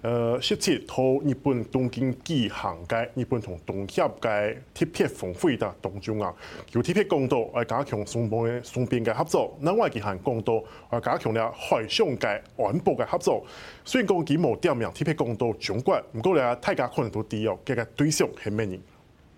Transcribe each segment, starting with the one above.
呃，實際同日本東京舉行嘅、日本同東協嘅特別峰會的當中啊，就特別講到來加強雙邊雙邊嘅合作；另外一件講到來加強了海上嘅安保嘅合作。雖然講佢冇點名特別講到中國，不過咧大家可能都知哦，佢嘅對象係咩人。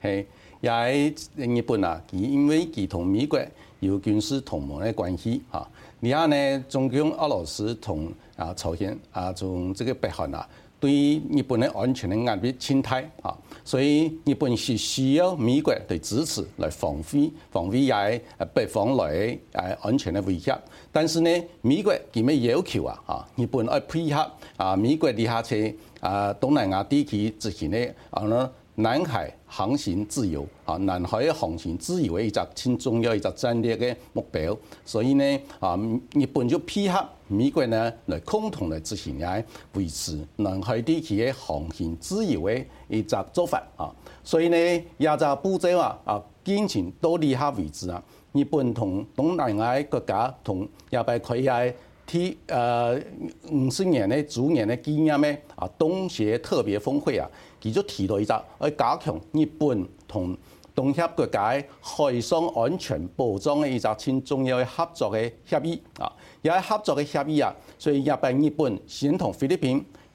係，也喺日本啊，佢因為佢同美國有軍事同盟嘅關係。嚇，而家呢，中共俄、俄羅斯同啊朝鮮啊，從這個北韓啊，對日本嘅安全咧壓力侵態。啊，所以日本是需要美國嘅支持來防非防非，也係北方來誒安全嘅威脅。但是呢，美國佢咩要求啊？嚇，日本要配合啊，美國地下車啊，東南亞地區之前咧，啊呢。南海航行自由啊！南海航行自由係一則超重要、一則戰略嘅目標。所以呢啊，日本就配合美國呢來共同嚟執行嚟維持南海地區嘅航行自由嘅一則做法啊！所以呢，亞洲步仔話啊，堅持多利下為止啦。日本同東南亞國家同亞係佢係。佢、呃、誒五十年咧，主年咧經驗，咧啊，東協特別峰會啊，佢就提到一隻，誒加強日本同東協國家海上安全保障嘅一隻重要嘅合作嘅協議啊，有合作嘅協議啊，所以日本、日本先同菲律賓。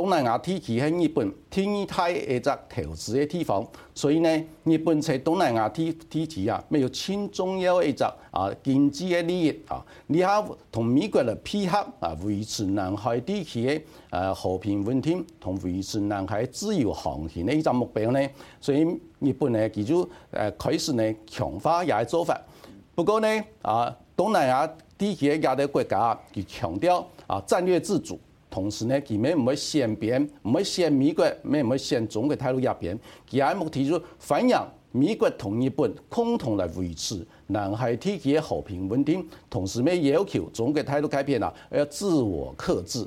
東南亞地區喺日本天然嘅一隻投資嘅地方，所以呢，日本在東南亞地地區啊，咪要牽中歐嗰隻啊經濟嘅利益啊，你好同美國嚟配合啊維持南海地區嘅誒和平穩定，同維持南海自由航行呢一隻目標呢，所以日本呢佢就誒開始呢強化也係做法，不過呢啊東南亞地區嘅亞洲國家佢強調啊戰略自主。同時呢，呢佢咩唔可善變，變，唔美國，咩唔可以中國態度入變，佢喺提出反向美國同日本共同嚟維持南海地區嘅和平穩定，同時咩要求中國態度改變，要自我克制。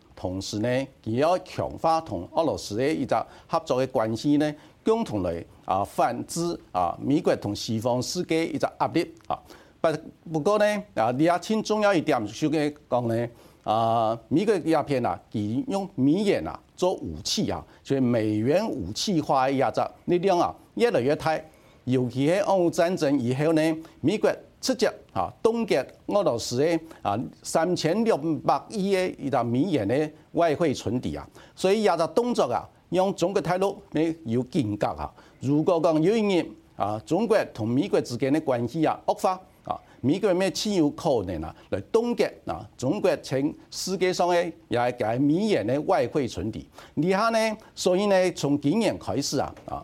同時呢，佢要強化同俄羅斯的一個合作的關係呢，共同來啊反制啊美國同西方世界一個壓力啊。不不過咧，啊你也聽重要一點，就係講呢，啊美國的鴉片啊，佢用美元啊做武器啊，就係美元武器化嘅壓榨，呢啲啊越來越大，尤其喺俄烏戰爭以後呢，美國。直接嚇凍結俄羅斯的啊三千六百億的一沓美元外匯存底啊，所以也在動作啊，讓中國大陸有警覺。啊。如果講，有一年啊，中國同美國之間的關係啊惡化啊，美國咩千有可能啊來凍結啊中國成世界上嘅也要一美元外匯存底，你看所以從今年開始啊，啊。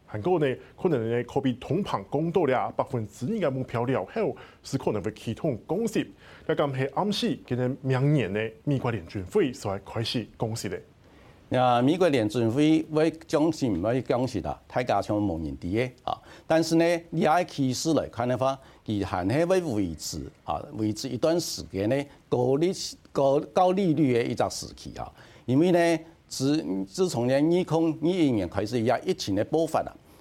韓國呢可能呢可比通膨高多了百分之二的目標了，好是可能會啟動通降息。咁係暗示佢哋明年嘅美國聯準會就係開始降息的。啊，美國聯準會會降息唔可以降息啦，太加強無言啲的啊。但是呢，而家嘅趨勢嚟看的話，而係喺個維持啊，維持一段時間呢，高利高高利率嘅一個時期啊。因為呢自自從呢二零二一年開始有疫情嘅爆發啦。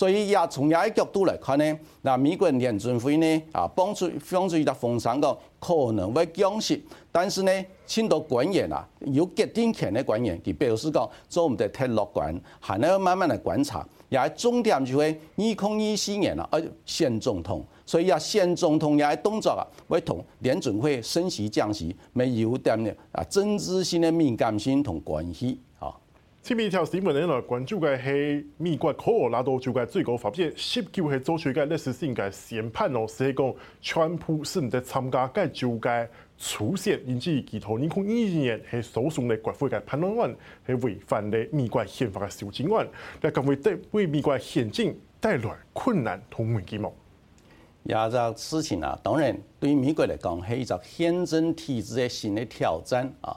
所以也從另一角度來看呢。那美國人聯準會呢，啊幫助放出一隻風聲講可能會降息，但是呢，青島官員啊，有決定權的官員佢表示講，做唔得太樂觀，還咧慢慢來觀察。也重點就係二零二四年啊，而現總統。所以啊現總統的動作啊會同聯準會升息降息，咪有啲咧啊政治性的敏感性同關係。前面一條新聞，咱來關注個是美國科羅拉多州個最高法院十九日作出個歷史性個宣判，哦，是講川普使唔得參加個州個初選，引起，其頭人口依然係訴訟來國會個判斷權，係違反嘞美國憲法個修正案，來更為對為美國憲政帶來困難同危機。亞造事情啊，當然對於美國來講，係一個憲政體制嘅新嘅挑戰啊。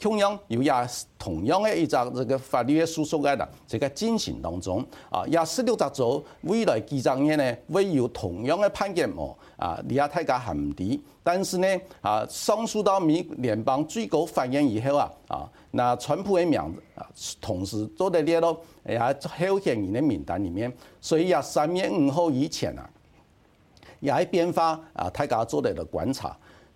同樣有也同樣的一張這個法律嘅訴訟案的這個進行當中啊，也十六日早未來幾十年呢，會有同樣的判決哦。啊，你啊大家唔知，但是呢，啊，上訴到美聯邦最高法院以後啊，啊，那川普的名字啊，同時做在都喺呢個也候選人嘅名單裏面，所以也三月五號以前啊，也係變化啊，大家做啲嘅觀察。